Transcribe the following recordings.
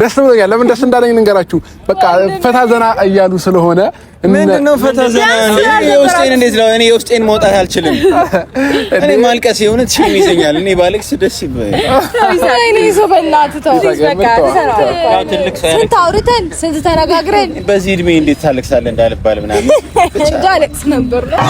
ደስ ብሎኛል። ለምን ደስ እንዳለኝ ልንገራችሁ። በቃ ፈታ ዘና እያሉ ስለሆነ ምንድነው ፈታ ዘና የውስጤን እንዴት ነው? እኔ የውስጤን መውጣት አልችልም። እኔ ማልቀስ የሆነ ቺም ይዘኛል። እኔ ባለቅስ ደስ ይበል። እኔ ይዞ በእናትህ ተው። በቃ ስንት ስንት ተነጋግረን በዚህ እድሜ እንዴት ታለቅሳለህ እንዳልባል ምናምን እንዳለቅስ ነበር ነው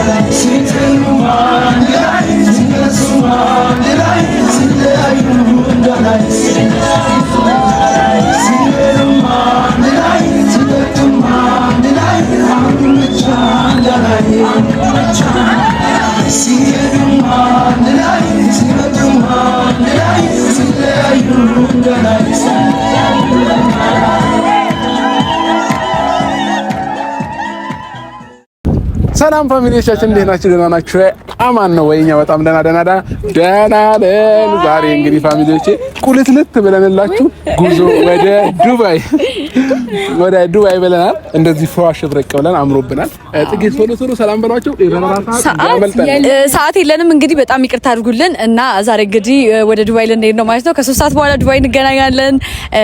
Sing the ሰላም ፋሚሊዎቻችን እንዴት ናችሁ? ደህና ናችሁ? አማን ነው ወይኛ? በጣም ደህና ደህና ደህና ደህና ነን። ዛሬ እንግዲህ ፋሚሊዎቼ ቁልትልት ብለንላችሁ ጉዞ ወደ ዱባይ ወደ ዱባይ ብለናል። እንደዚህ ፈዋ ብረቅ ብለን አምሮብናል። ጥቂት ቶሎ ቶሎ ሰላም በሏቸው። ሰዓት የለንም እንግዲህ በጣም ይቅርታ አድርጉልን እና ዛሬ እንግዲህ ወደ ዱባይ ልንሄድ ነው ማለት ነው። ከሶስት ሰዓት በኋላ ዱባይ እንገናኛለን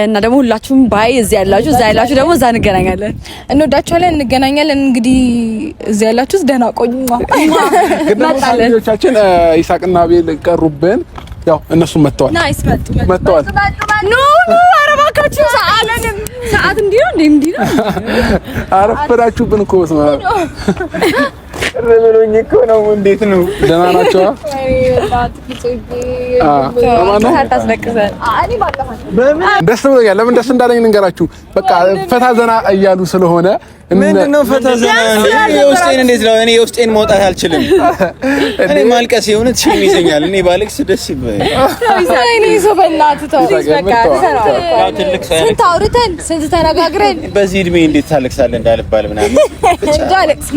እና ደግሞ ሁላችሁም ባይ እዚህ ያላችሁ እዛ ያላችሁ ደግሞ እዛ እንገናኛለን። እንወዳችኋለን። እንገናኛለን። እንግዲህ እዚህ ያላችሁ ደህና ቆዩ። ግዳቻችን ይሳቅና ቤል ቀሩብን ያው እነሱም መጥተዋል። ናይስ መጡ መጥተዋል። ኑ ኑ አረባካችሁ ሰዓትንም ሰዓት እንዲህ ነው እንዴ እንዲህ ነው አረፈዳችሁብን እኮ ረበሎኝ እኮ ነው። እንዴት ነው? ደህና ናቸው? ደስ ብሎኛል። ለምን ደስ እንዳለኝ ልንገራችሁ። በቃ ፈታ ዘና እያሉ ስለሆነ ምንድን ነው ፈታ ዘና? የውስጤን እንዴት ነው? እኔ የውስጤን መውጣት አልችልም። እኔ ማልቀስ የሆነ ትሽም ይዘኛል። እኔ ባለቅስ ደስ ይበላል። ስንት አውርተን ስንት ተነጋግረን በዚህ እድሜ እንዴት ታለቅሳለህ እንዳልባል ምናምን ብቻ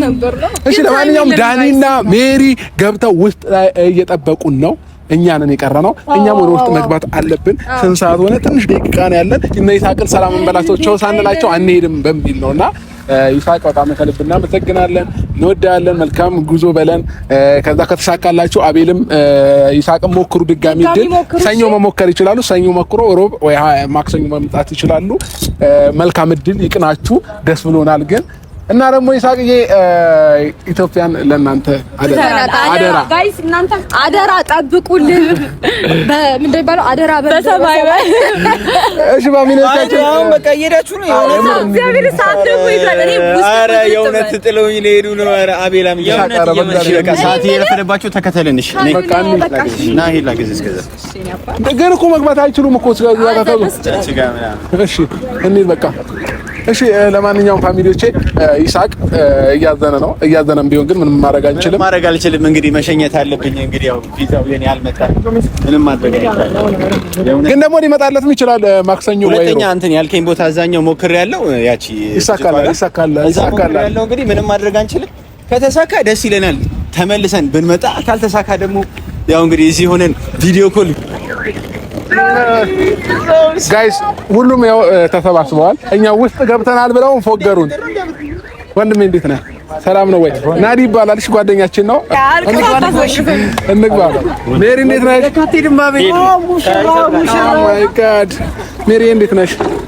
ነበር ነው ለማንኛውም ዳኒና ሜሪ ገብተው ውስጥ ላይ እየጠበቁን ነው። እኛንን የቀረ ነው። እኛም ወደ ውስጥ መግባት አለብን። ስንት ሰዓት ሆነ? ትንሽ ደቂቃ ነው ያለን። እነ ይስሐቅን ሰላም እንበላቸው ቸው ሳንላቸው አንሄድም በሚል ነውና ይስሐቅ በጣም ከልብ እናመሰግናለን፣ እንወዳለን። መልካም ጉዞ በለን። ከዛ ከተሳካላችሁ አቤልም ይስሐቅም ሞክሩ። ድጋሚ ድል ሰኞ መሞከር ይችላሉ። ሰኞ መክሮ ሮብ ወይ ማክሰኞ መምጣት ይችላሉ። መልካም እድል ይቅናችሁ። ደስ ብሎናል ግን እና ደግሞ ይሳቅዬ ኢትዮጵያን ለእናንተ አደራ ጋይስ፣ እናንተ አደራ ጠብቁልን። በምንድን ነው የሚባለው? አደራ በሰማይ እሺ። በሚነታችሁ አሁን በቃ እየሄዳችሁ ነው። እግዚአብሔር ሰዓት ደግሞ ይዟል። እኔ ኧረ የእውነት ጥለውኝ ነው የሄዱ ነው። ኧረ አቤላም የእውነት እየመሸ በቃ ሰዓት እየረፈደባቸው ተከተልን። እሺ በቃ እና ሄላ ጊዜ እስከዛ ግን እኮ መግባት አይችሉም እኮ ስጋ ጋር እሺ እንሂድ በቃ እሺ ለማንኛውም ፋሚሊዎቼ ይስሐቅ እያዘነ ነው። እያዘነም ቢሆን ግን ምንም ማድረግ አንችልም፣ ማድረግ አልችልም። እንግዲህ መሸኘት አለብኝ። እንግዲህ ያው ቪዛው የኔ አልመጣም፣ ምንም ማድረግ አይቻልም። ግን ደግሞ ሊመጣለትም ይችላል። ማክሰኞ ወይ ሁለተኛ እንትን ያልከኝ ቦታ አዛኛው ያለው ያቺ ይሳካል፣ ይሳካል፣ ይሳካል ያለው እንግዲህ ምንም ማድረግ አንችልም። ከተሳካ ደስ ይለናል ተመልሰን ብንመጣ፣ ካልተሳካ ደግሞ ያው እንግዲህ እዚህ ሆነን ቪዲዮ ኮል ጋይስ ሁሉም ያው ተሰባስበዋል። እኛ ውስጥ ገብተናል ብለው ፎገሩን። ወንድሜ እንዴት ነህ? ሰላም ነው ወይ? ናዲ ይባላል። እሺ ጓደኛችን ነው። እንግባ። ሜሪ እንዴት ነሽ? ሜሪ እንዴት ነሽ?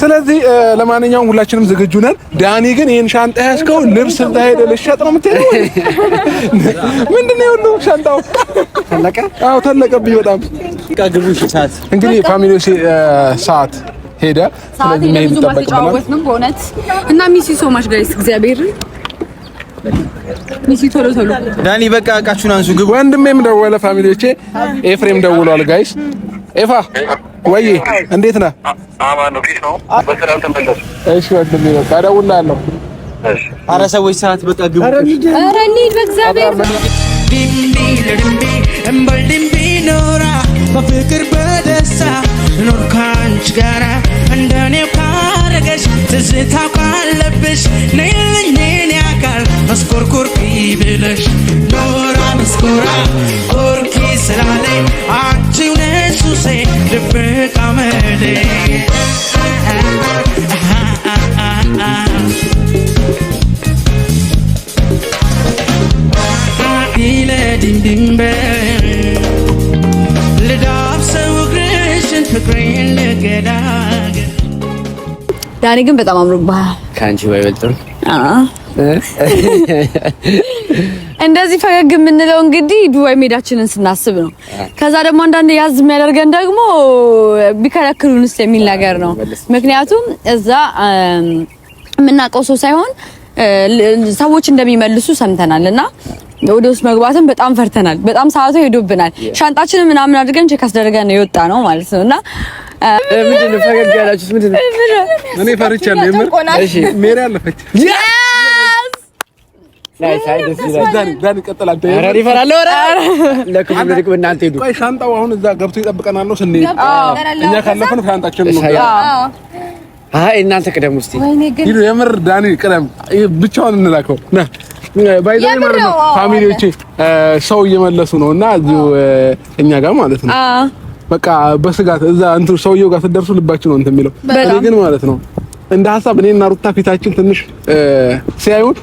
ስለዚህ ለማንኛውም ሁላችንም ዝግጁ ነን። ዳኒ ግን ይህን ሻንጣ ያስከው ልብስ ስታሄደ ልሸጥ ነው የምትሄደው? ምንድን ነው የሁሉ ሻንጣው ተለቀ? አዎ ተለቀብኝ። በጣም እንግዲህ ፋሚሊ ሰዓት ሄደ። ስለዚህ መሄድ ይጠበቅብናል። በእውነት እና ሚሲ ሶማች ጋይስ እግዚአብሔር ሚሲ ቶሎ ቶሎ ዳኒ በቃ እቃችሁን አንሱ ግቡ። ወንድሜም ደወለ ፋሚሊዎቼ፣ ኤፍሬም ደውሏል ጋይስ ኤፋ ወይ እንዴት ነህ? እሺ ወንድሜ በቃ እደውልልሃለሁ። ኧረ ሰዎች ሰዓት በቃ ግቡ። ኧረ እንሂድ በእግዚአብሔር ኖራ በፍቅር በደስታ ኖር ካንቺ ጋራ እንደኔው ካረገሽ ትዝታ ካለብሽ ነይልኝ የኔ አካል መስኮርኮርኪ ብለሽ ኖራ መስኮራ ኮርኪ ስላለኝ አንቺው से रिपे कमेडे Ile Dani kan betamam rumah. Kanji Ah. እንደዚህ ፈገግ የምንለው እንግዲህ ዱባይ ሜዳችንን ስናስብ ነው። ከዛ ደግሞ አንዳንድ ያዝ የሚያደርገን ደግሞ ቢከለክሉንስ የሚል ነገር ነው። ምክንያቱም እዛ የምናውቀው ሰው ሳይሆን ሰዎች እንደሚመልሱ ሰምተናል እና ወደ ውስጥ መግባትን በጣም ፈርተናል። በጣም ሰዓቱ ሄዶብናል። ሻንጣችንን ምናምን አድርገን ቼክ አስደርገን ነው የወጣ ነው ማለት ነው እና ምንድን ነው ፈገግ ያላችሁት? ምንድን ነው እኔ ፈርቻለሁ። የምር ሜሪ አለፈች ሻንጣው አሁን እዛ ገብቶ ይጠብቀናል ነው ስንሄድ እናንተ ቅደም ውስጥ የምር ዳኒ ቅደም ብቻውን እንላከው ና ባይዘይ ነው። ፋሚሊዎቼ ሰው እየመለሱ ነው እና እዚሁ እኛ ጋር ማለት ነው በቃ በስጋት እዛ እንትን ሰውየው ጋር ስትደርሱ ልባችን ነው እንትን የሚለው ግን ማለት ነው እንደ ሀሳብ እኔና ሩታ ፊታችን ትንሽ ሲያዩን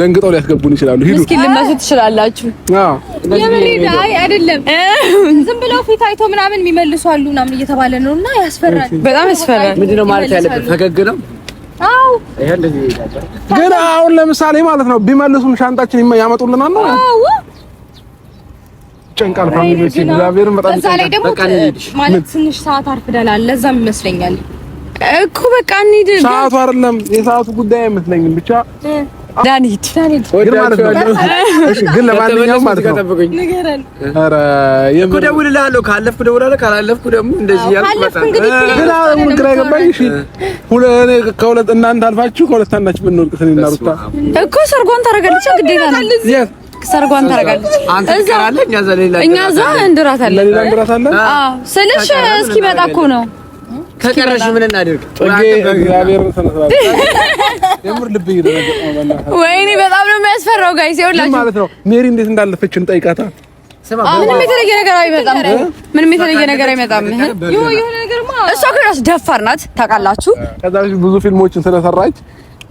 ደንግጠው ሊያስገቡን ይችላሉ። ሂዱ እስኪ ልመሱ ትችላላችሁ። አዎ አይ አይደለም፣ ዝም ብለው ፊት አይቶ ምናምን የሚመልሱ አሉ ምናምን እየተባለ ነው እና ያስፈራል፣ በጣም ያስፈራል። ምንድን ነው ማለት ያለብን? ፈገግ ነው ግን አሁን ለምሳሌ ማለት ነው ቢመልሱም ሻንጣችን ያመጡልናል ነው ጨንቃል ፋሚሊዎች እግዚአብሔርን በጣም እዛ ላይ ማለት ትንሽ ሰዓት አርፍደናል። ለዛም ይመስለኛል እኮ በቃ እንሂድ። ሰዓቱ አይደለም የሰዓቱ ጉዳይ አይመስለኝም ብቻ ዳንሂድ ግን ለማንኛውም ማለት ነው እኮ እደውልልሃለሁ። ካለፍኩ እደውልልሃለሁ፣ ካላለፍኩ ደግሞ እንደዚህ እናንተ አልፋችሁ ከሁለት አንዳችሁ ብንወድቅ እኔና ሩታ እኮ ሰርጓን ታደርጋለች ግዴታ ነው። ሰርጓን ታደርጋለች። እኛ እዛ እንድራታለን። ለሌላ እንድራታለን ስልሽ እስኪመጣ እኮ ነው ከቀረሽ ምን እናደርግ? ወይኔ በጣም ነው የሚያስፈራው። ጋይስ ይኸውላችሁ ማለት ነው ሜሪ እንዴት እንዳለፈችን ጠይቃታ። ምንም የተለየ ነገር አይመጣም። ምንም የተለየ ነገር አይመጣም። እሷ ከራስ ደፋር ናት ታውቃላችሁ። ከዛ ብዙ ፊልሞችን ስለሰራች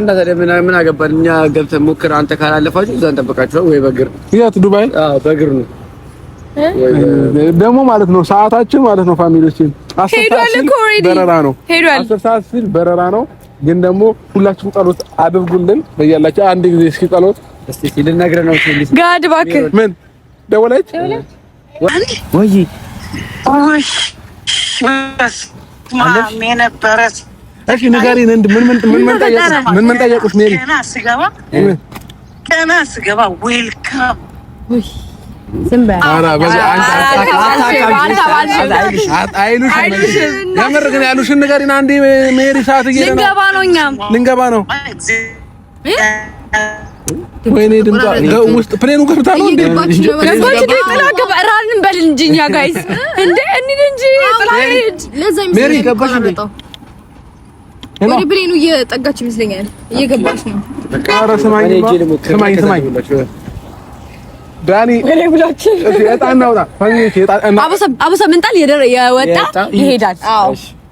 እንደዛ ለምን ምን አገባን እኛ ገብተን ሞክር። አንተ ካላለፋችሁ እዛ እንጠብቃችሁ ወይ በእግር ይዛት ዱባይ። አዎ በእግር ነው ደግሞ ማለት ነው ሰዓታችን ማለት ነው ፋሚሊዎችን በረራ ነው አስር ሰዓት ሲል በረራ ነው። ግን ደግሞ ሁላችሁም ጸሎት አድርጉልን በያላችሁ አንድ ጊዜ እስኪ ጸሎት እስቲ ልነግርህ ነው ጋድ እባክህ ምን ደወለች ወይ እሺ ንገሪን፣ እንድ ምን ምን ምን ምን ጠየቁሽ? ምን ምን ጠየቁሽ? ሜሪ ገና ስገባ ገና ስገባ ዌልካም የምር ግን ያሉሽን ንገሪን አንዴ ሜሪ። ሰዓት እየሄደ ነው፣ ልንገባ ነው፣ እኛም ልንገባ ነው። ወይኔ ውስጥ ፕሌኑ ገብታ ነው እንዴ? ጥላ ገባ። በል እንጂ እኛ ጋይስ እንጂ ጥላ ሜሪ ገባሽ እንዴ? ወደ ብሌኑ እየጠጋች ይመስለኛል፣ እየገባች ነው። በቃ ኧረ ስማኝ ስማኝ ስማኝ ዳኒ አበሳ ምንጣል የወጣ ይሄዳል።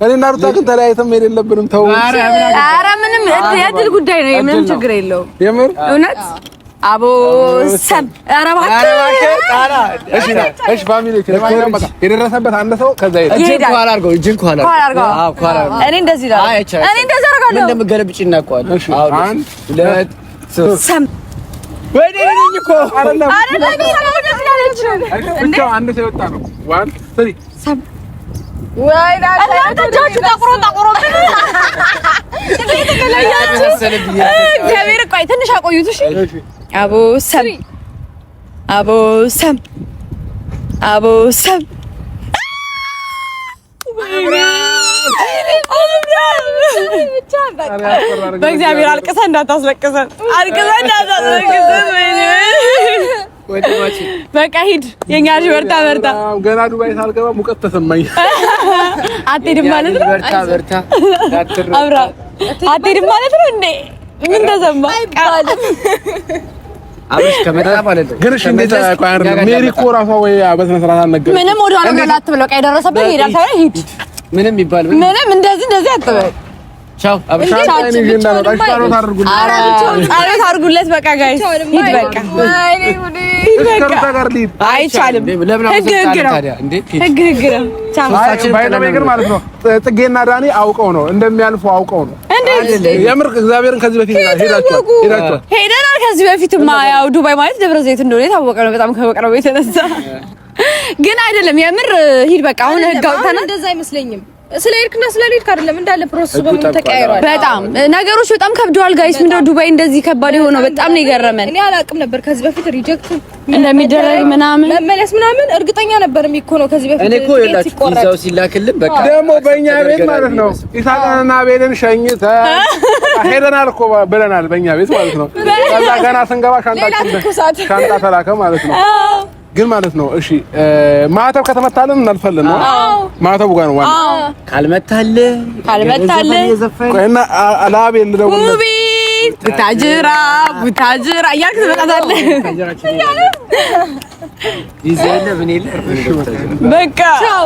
እኔ እና ሩታ ግን ተለያይተም የሌለብንም ተው። ኧረ ምንም የድል ጉዳይ ነው። ምንም ችግር የለውም የምር እውነት አቦ ሰም ኧረ የደረሰበት አንድ ሰው ከዛ ይሄዳል። እጅን ከኋላ አድርገው፣ እኔ እንደዚህ አደርጋለሁ። እንደምገለብጭ እናውቀዋለን። አንድ ሁለት ሰም ወይኔ ትንሽ አቆዩት። እሺ አቦሰም አቦሰም አቦሰም በእግዚአብሔር አልቅሰን እንዳታስለቅሰን፣ oh አልቅሰን እንዳታስለቅሰን። በቃ ሂድ፣ የእኛ ልጅ በርታ በርታ። ገና ዱባይ ሳልገባ ሙቀት ተሰማኝ። አትሄድም ማለት ነው። በርታ በርታ። አብራ አትሄድም ማለት ነው እንዴ? ምን ተሰማ? አብሽ ከመጣ ማለት ግን እሺ፣ እንዴት ሜሪ እኮ ራሷ ወይ በስነ ስርዓት አልነገረችም። ምንም ወደ ኋላ አትበለው። በቃ የደረሰብህ ይሄዳል። ምንም ይባል ምንም እንደዚህ እንደዚህ አትበል ቻው በቃ ጋይስ ዳኒ አውቀው ነው እንደሚያልፉ አውቀው ነው። የምር እግዚአብሔርን ከዚህ በፊት ሄደናል። ከዚህ በፊትማ ያው ዱባይ ማለት ደብረ ዘይት እንደሆነ የታወቀ ነው። በጣም ከመቅረቡ የተነሳ ግን አይደለም። የምር ሂድ በቃ አሁን ህግ አውጥተናል። እንደዛ አይመስለኝም ስለ ሄድክና ስለ ሄድክ አይደለም እንዳለ ፕሮሰሱ በሙሉ ተቀያይሯል። በጣም ነገሮች በጣም ከብደዋል ጋይስ። ምንድነው ዱባይ እንደዚህ ከባድ የሆነው? በጣም ነው የገረመን። እኔ አላውቅም ነበር ከዚህ በፊት ሪጀክት እንደሚደረግ ምናምን መመለስ ምናምን እርግጠኛ ነበር የሚኮ ነው ከዚህ በፊት እኔ እኮ ይላችሁ ይዛው ሲላክልን በቃ ደግሞ በእኛ ቤት ማለት ነው ኢሳጣንና ቤልን ሸኝተ ሄደናል እኮ ብለናል። በእኛ ቤት ማለት ነው። ከዛ ገና ስንገባ ሻንጣ ሻንጣ ተላከ ማለት ነው ግን ማለት ነው። እሺ ማዕተብ ከተመታልን እናልፋለን ነው። ማዕተቡ ጋር ነው ዋናው። ካልመታልህ ካልመታልህ ቆይና አላብ የልደውልህ ቡታጅራ ቡታጅራ እያልክ ትመጣታለህ። በቃ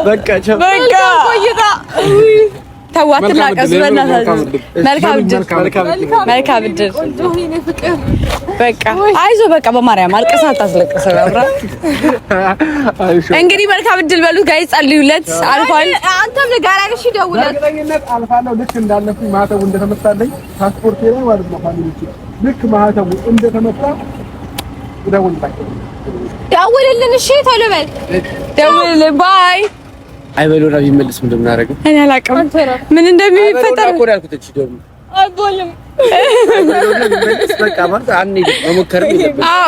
በቃ በቃ ቆይታ ተው አትላቀስ። መልካም እድል። በቃ አይዞ በቃ በማርያም አልቀሳ አታስለቅስ። እንግዲህ መልካም እድል በሉት ጋይ ጸልዩለት። አልፏል። አንተም ጋራ ግሽ ደውለህ አልፋለሁ። ልክ እንዳለፉኝ ማህተቡ እንደተመታለኝ ፓስፖርቴ ላይ ማለት ነው ፋሚሊዎቼ፣ ልክ ማህተቡ እንደተመታ ደውልልኝ። ደውልልን። እሺ ቶሎ በል ደውልልን። ባይ አይበሎና ቢመልስ ምንድን ነው የምናደርገው? እኔ አላውቅም ምን እንደሚፈጠር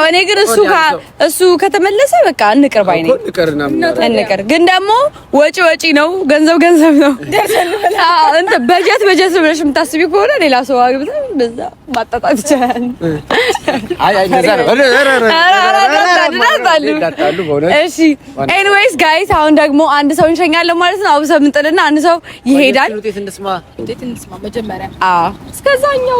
እኔ ግን እሱ ከተመለሰ በቃ እንቅር እንቅር ግን ደግሞ ወጪ ወጪ ነው፣ ገንዘብ ገንዘብ ነው። በጀት በጀት ብለሽ የምታስቢ ከሆነ ሌላ ሰው አግብተን በዛ ማጣጣት ይቻላል። እሺ ኤኒዌይስ ጋይስ፣ አሁን ደግሞ አንድ ሰው እንሸኛለን ማለት ነው። አብሰ አንድ ሰው ይሄዳል። እስከዛኛው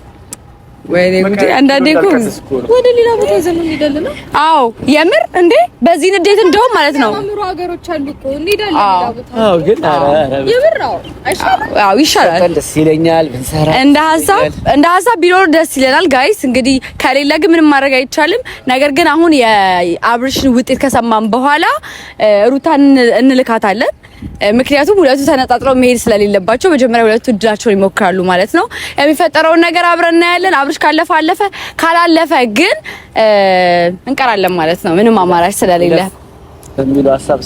ወይኔ ጉዴ! አንዳንዴ እኮ ወደ ሌላ ቦታ ይዘን እንሄዳለን። አዎ የምር እንዴ! በዚህ ንዴት እንደውም ማለት ነው አምሮ ሀገሮች አሉ እኮ እንሄዳለን። ይሻላል፣ ደስ ይለኛል። እንደ ሀሳብ እንደ ሀሳብ ቢኖር ደስ ይለናል። ጋይስ እንግዲህ ከሌለ ግን ምንም ማድረግ አይቻልም። ነገር ግን አሁን የአብርሽን ውጤት ከሰማን በኋላ ሩታን እንልካታለን ምክንያቱም ሁለቱ ተነጣጥለው መሄድ ስለሌለባቸው መጀመሪያ ሁለቱ እድላቸውን ይሞክራሉ ማለት ነው። የሚፈጠረውን ነገር አብረን እናያለን። አብርሽ ካለፈ አለፈ፣ ካላለፈ ግን እንቀራለን ማለት ነው። ምንም አማራጭ ስለሌለ ሀሳብ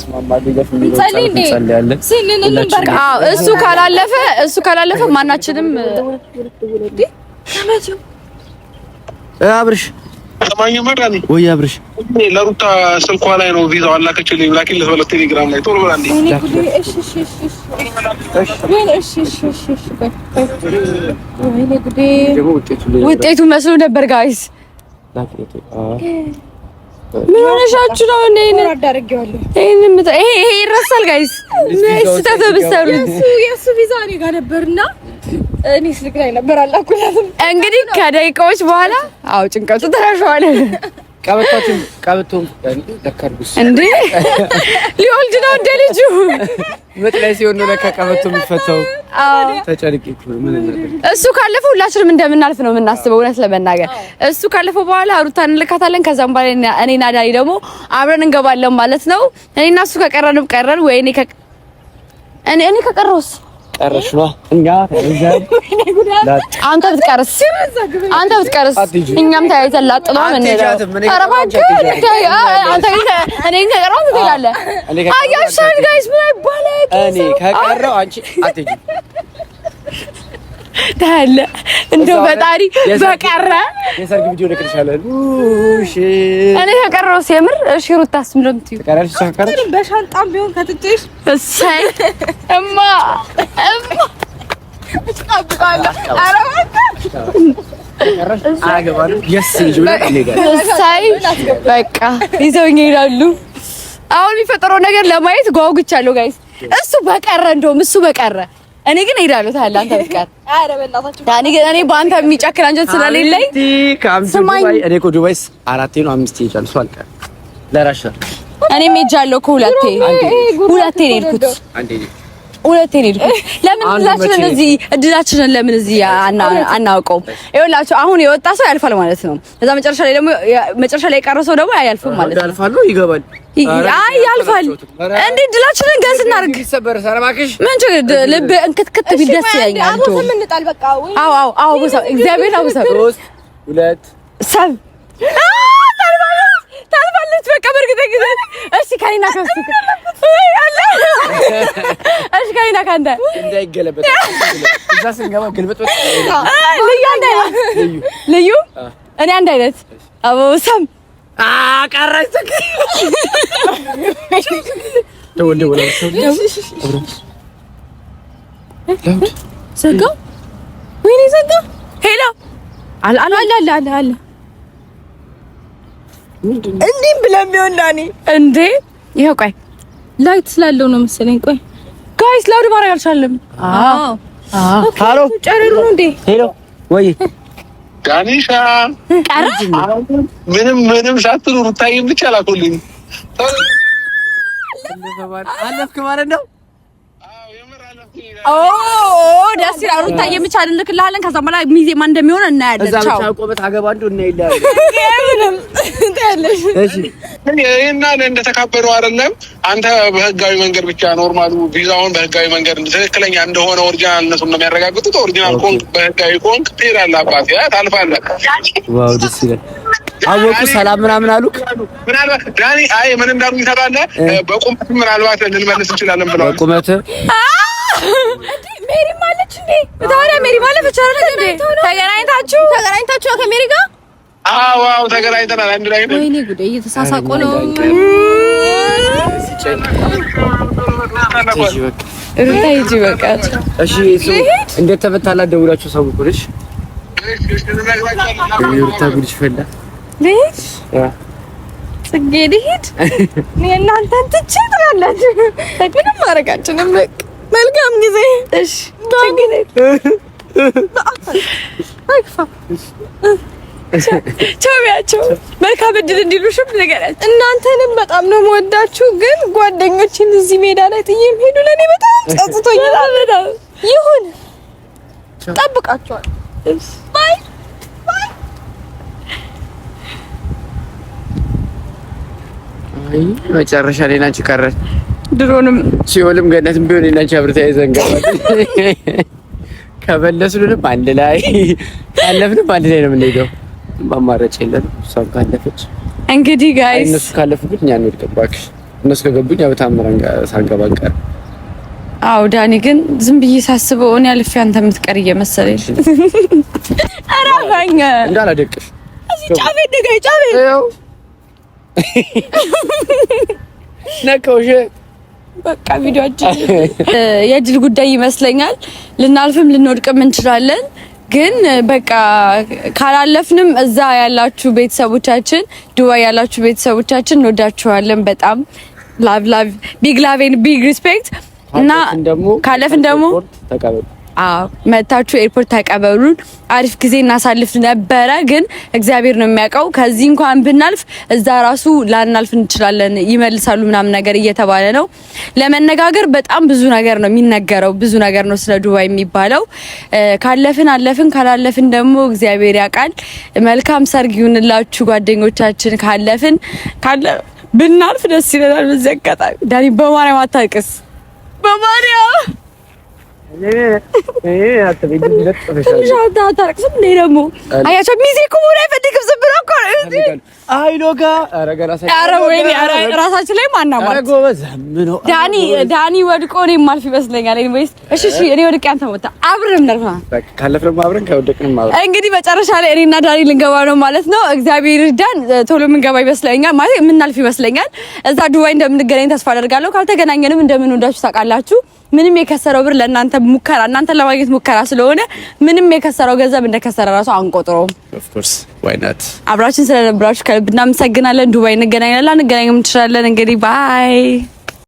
እሱ ካላለፈ እሱ ካላለፈ ማናችንም አብርሽ ሰማኝ መራኒ ወይ አብርሽ ለሩታ ስልኳ ላይ ነው ቪዛው አላከችልኝ። ላኪን ለሰለ ቴሌግራም ላይ ቶሎ ብላ ውጤቱ መስሎ ነበር። ጋይስ ምን ሆነሻችሁ ነው? እኔ እኔ አዳርጌዋለሁ። ይሄ ይረሳል ጋይስ ስህተት ብትሰሩት የእሱ ቪዛ እኔ ጋር ነበርና እኔስ ልግራይ ነበር አላኩላትም። እንግዲህ ከደቂቃዎች በኋላ አው ጭንቀቱ ተረሻዋል። ቀበቶችን ቀበቶም ለካርጉስ እንዴ ሊወልድ ነው እንደ ልጁ ምጥ ላይ ሲሆን ነው ለካ ቀበቶ የሚፈታው። አዎ ተጨንቄ እሱ ካለፈው ሁላችንም እንደምናልፍ ነው የምናስበው። እውነት ለመናገር እሱ ካለፈው በኋላ ሩታን እንልካታለን። ከዛም በኋላ እኔና ዳኒ ደግሞ አብረን እንገባለን ማለት ነው። እኔና እሱ ከቀረንም ቀረን ወይ እኔ ከቀረውስ ቀረሽ ነው እኛ ተይዘን አንተ ብትቀርስ አንተ ብትቀርስ እኛም ተያይዘን ላጥ ምን ነው አንተ እኔ እኔ ታለ እንደው ፈጣሪ በቀረ የሰርግ ቪዲዮ ልክልሻለሁ። እሺ እኔ ከቀረው ሲያምር እሺ። ሩታስ ምን ለምትዩ ተቀራሽ? ሳካራሽ በሻንጣም ቢሆን ከትጭሽ እሰይ እማ እማ በቃ ይዘውኝ ይላሉ። አሁን የሚፈጠረው ነገር ለማየት ጓጉቻለሁ ጋይስ። እሱ በቀረ እንደውም እሱ በቀረ እኔ ግን እሄዳለሁ። ታዲያ አንተ ብትቀር አረ በእናታችሁ ታኒ ግን እኔ በአንተ የሚጨክር አንጀት ስለሌለኝ ስማኝ። እኔ እኮ ዱባይስ አራቴ ነው አምስቴ ይቻል እሱ አልቀር ለራሽ እኔም ሄጃለሁ እኮ ሁለቴ ሁለቴ ነው የሄድኩት። ሁለቴ ነው የሄድኩት። ለምን እድላችንን እዚህ እድላችንን ለምን እዚህ አናውቀውም? ይኸውላችሁ አሁን የወጣ ሰው ያልፋል ማለት ነው። እዛ መጨረሻ ላይ ደግሞ መጨረሻ ላይ የቀረ ሰው ደግሞ አያልፍም ማለት ነው። ያልፋሉ ይገባል አይ ያልፋል እንዴ! ድላችንን ገዝ እናርግ። ምን ችግር ልብ እንክትክት ቢል ደስ ያኛል። አቦ ታልፋለች። በቃ በእርግጠኝነት እሺ። ከኔና እሺ፣ ከኔና ካንተ እንዳይገለበጥ ልዩ ልዩ እኔ አንድ አይነት ዘጋው። ወይኔ ዘጋው። ዳኒ እንዴ፣ ይኸው ቆይ፣ ላይት ስላለው ነው መሰለኝ። ቆይ ጋይስ፣ ላውድ ማድረግ አልቻለም። አዎ፣ አዎ፣ ጨረሩ ነው እንዴ? ሄሎ ወይ ዳኒሻ ምንም ምንም ሳትሉ ሩታዬን ብቻ ላኩልኝ አለፍክ ማለት ነው። ደስ ይላል። ሩታዬ ብቻ እንልክልሃለን። ከዛ በኋላ ሚዜማ እንደሚሆን እናያለን። እዛ ብቻ ቆመት አገባ አንዱ እናይላለን። እንደተካበዱ አይደለም። አንተ በህጋዊ መንገድ ብቻ ኖርማሉ ቪዛውን በህጋዊ መንገድ ትክክለኛ እንደሆነ ኦሪጂናል ነው የሚያረጋግጡት። ኦሪጂናል ኮንክ በህጋዊ ኮንክ ትሄዳለህ። አባት ያ ታልፋለህ። ዋው ደስ ይላል። አወቁ ሰላም ምናምን አሉ ምናልባት ዳኒ አይ ምን እንዳሉ ይሰራለ በቁመት ምናልባት ልንመልስ እንችላለን ብለዋል። በቁመት ሜሪ ማለች እንዴ? ታዲያ ሜሪ ማለፈች አይደል እንዴ? ተገናኝታችሁ ተገናኝታችሁ ከሜሪ ጋር? አዎ አዎ ተገናኝተናል። አንድ ላይ ነው። ወይኔ ጉዴ! እየተሳሳቁ ነው። ሩታ ሂጂ በቃ። እሺ እንዴት ተፈታላ? ደውላችሁ ሰው ቁልሽ ሩታ ጉድሽ ፈላ። ልሂድ ጽጌ ልሂድ። እናንተን ትቼ ትላላችሁ። ምንም ማድረግ አንችልም በቃ መልካም ጊዜ። እሺ ቻው ቢያቸው መልካም እድል እንዲሉሽም ንገሪያቸው። እናንተንም በጣም ነው የምወዳችሁ፣ ግን ጓደኞችን እዚህ ሜዳ ላይ ጥዬ ሄዱ ለእኔ በጣም ጸጽቶኛል። ይሁን ጠብቃቸዋል። ባይ ባይ። መጨረሻ ላይ ቀረች። ድሮንም ሲኦልም ገነትም ቢሆን ናች አብርታ ይዘንጋል። ከመለሱንም አንድ ላይ ካለፍንም አንድ ላይ ነው የምንሄደው። ማማረጭ የለን። እሷም ካለፈች እንግዲህ ጋይ እነሱ ካለፉብን እኛ እንወድቅ። እባክሽ እነሱ ከገቡኝ በታምረን ሳንገባ ቀር። አዎ ዳኒ፣ ግን ዝም ብዬ ሳስበው እኔ አልፌ አንተ የምትቀር እየመሰለኝ። ኧረ አባኝ እንዳላደቅሽ ጫፌ ጫቤ ደጋይ ጫቤ በቃ ቪዲዮአችን የድል ጉዳይ ይመስለኛል። ልናልፍም ልንወድቅም እንችላለን፣ ግን በቃ ካላለፍንም እዛ ያላችሁ ቤተሰቦቻችን፣ ዱባይ ያላችሁ ቤተሰቦቻችን እንወዳችኋለን በጣም ላቭ ላቭ ቢግ ላቭ ኤንድ ቢግ ሪስፔክት እና ካለፍን ደግሞ መታችሁ ኤርፖርት ተቀበሉን። አሪፍ ጊዜ እናሳልፍ ነበረ፣ ግን እግዚአብሔር ነው የሚያውቀው። ከዚህ እንኳን ብናልፍ እዛ ራሱ ላናልፍ እንችላለን፣ ይመልሳሉ ምናምን ነገር እየተባለ ነው። ለመነጋገር በጣም ብዙ ነገር ነው የሚነገረው፣ ብዙ ነገር ነው ስለ ዱባይ የሚባለው። ካለፍን አለፍን፣ ካላለፍን ደግሞ እግዚአብሔር ያውቃል። መልካም ሰርግ ይሁንላችሁ ጓደኞቻችን። ካለፍን ካለ ብናልፍ ደስ ይለናል። በዚህ አጋጣሚ ዳኒ በማርያም አታቅስ በማርያም ራሳችን ላይ ማናማት ዳኒ ወድቆ እኔ የማልፍ ይመስለኛል። እኔ ወድቄ አንተ አብረን ካለፍንም አብረን ከወደቅንም አብረን እንግዲህ መጨረሻ ላይ እኔና ዳኒ ልንገባ ነው ማለት ነው። እግዚአብሔር ይርዳን። ቶሎ የምንገባ ይመስለኛል ማለት የምናልፍ ይመስለኛል። እዛ ዱባይ እንደምንገናኝ ተስፋ አደርጋለሁ። ካልተገናኘንም እንደምን ወዳችሁ ታውቃላችሁ። ምንም የከሰረው ብር ለእናንተ ሙከራ እናንተ ለማግኘት ሙከራ ስለሆነ ምንም የከሰረው ገንዘብ እንደከሰረ ራሱ አንቆጥሮም። ኦፍ ኮርስ ዋይ ናት። አብራችን ስለነበራችሁ ከልብ እናመሰግናለን። ዱባይ እንገናኛለን፣ አንገናኝም እንችላለን። እንግዲህ ባይ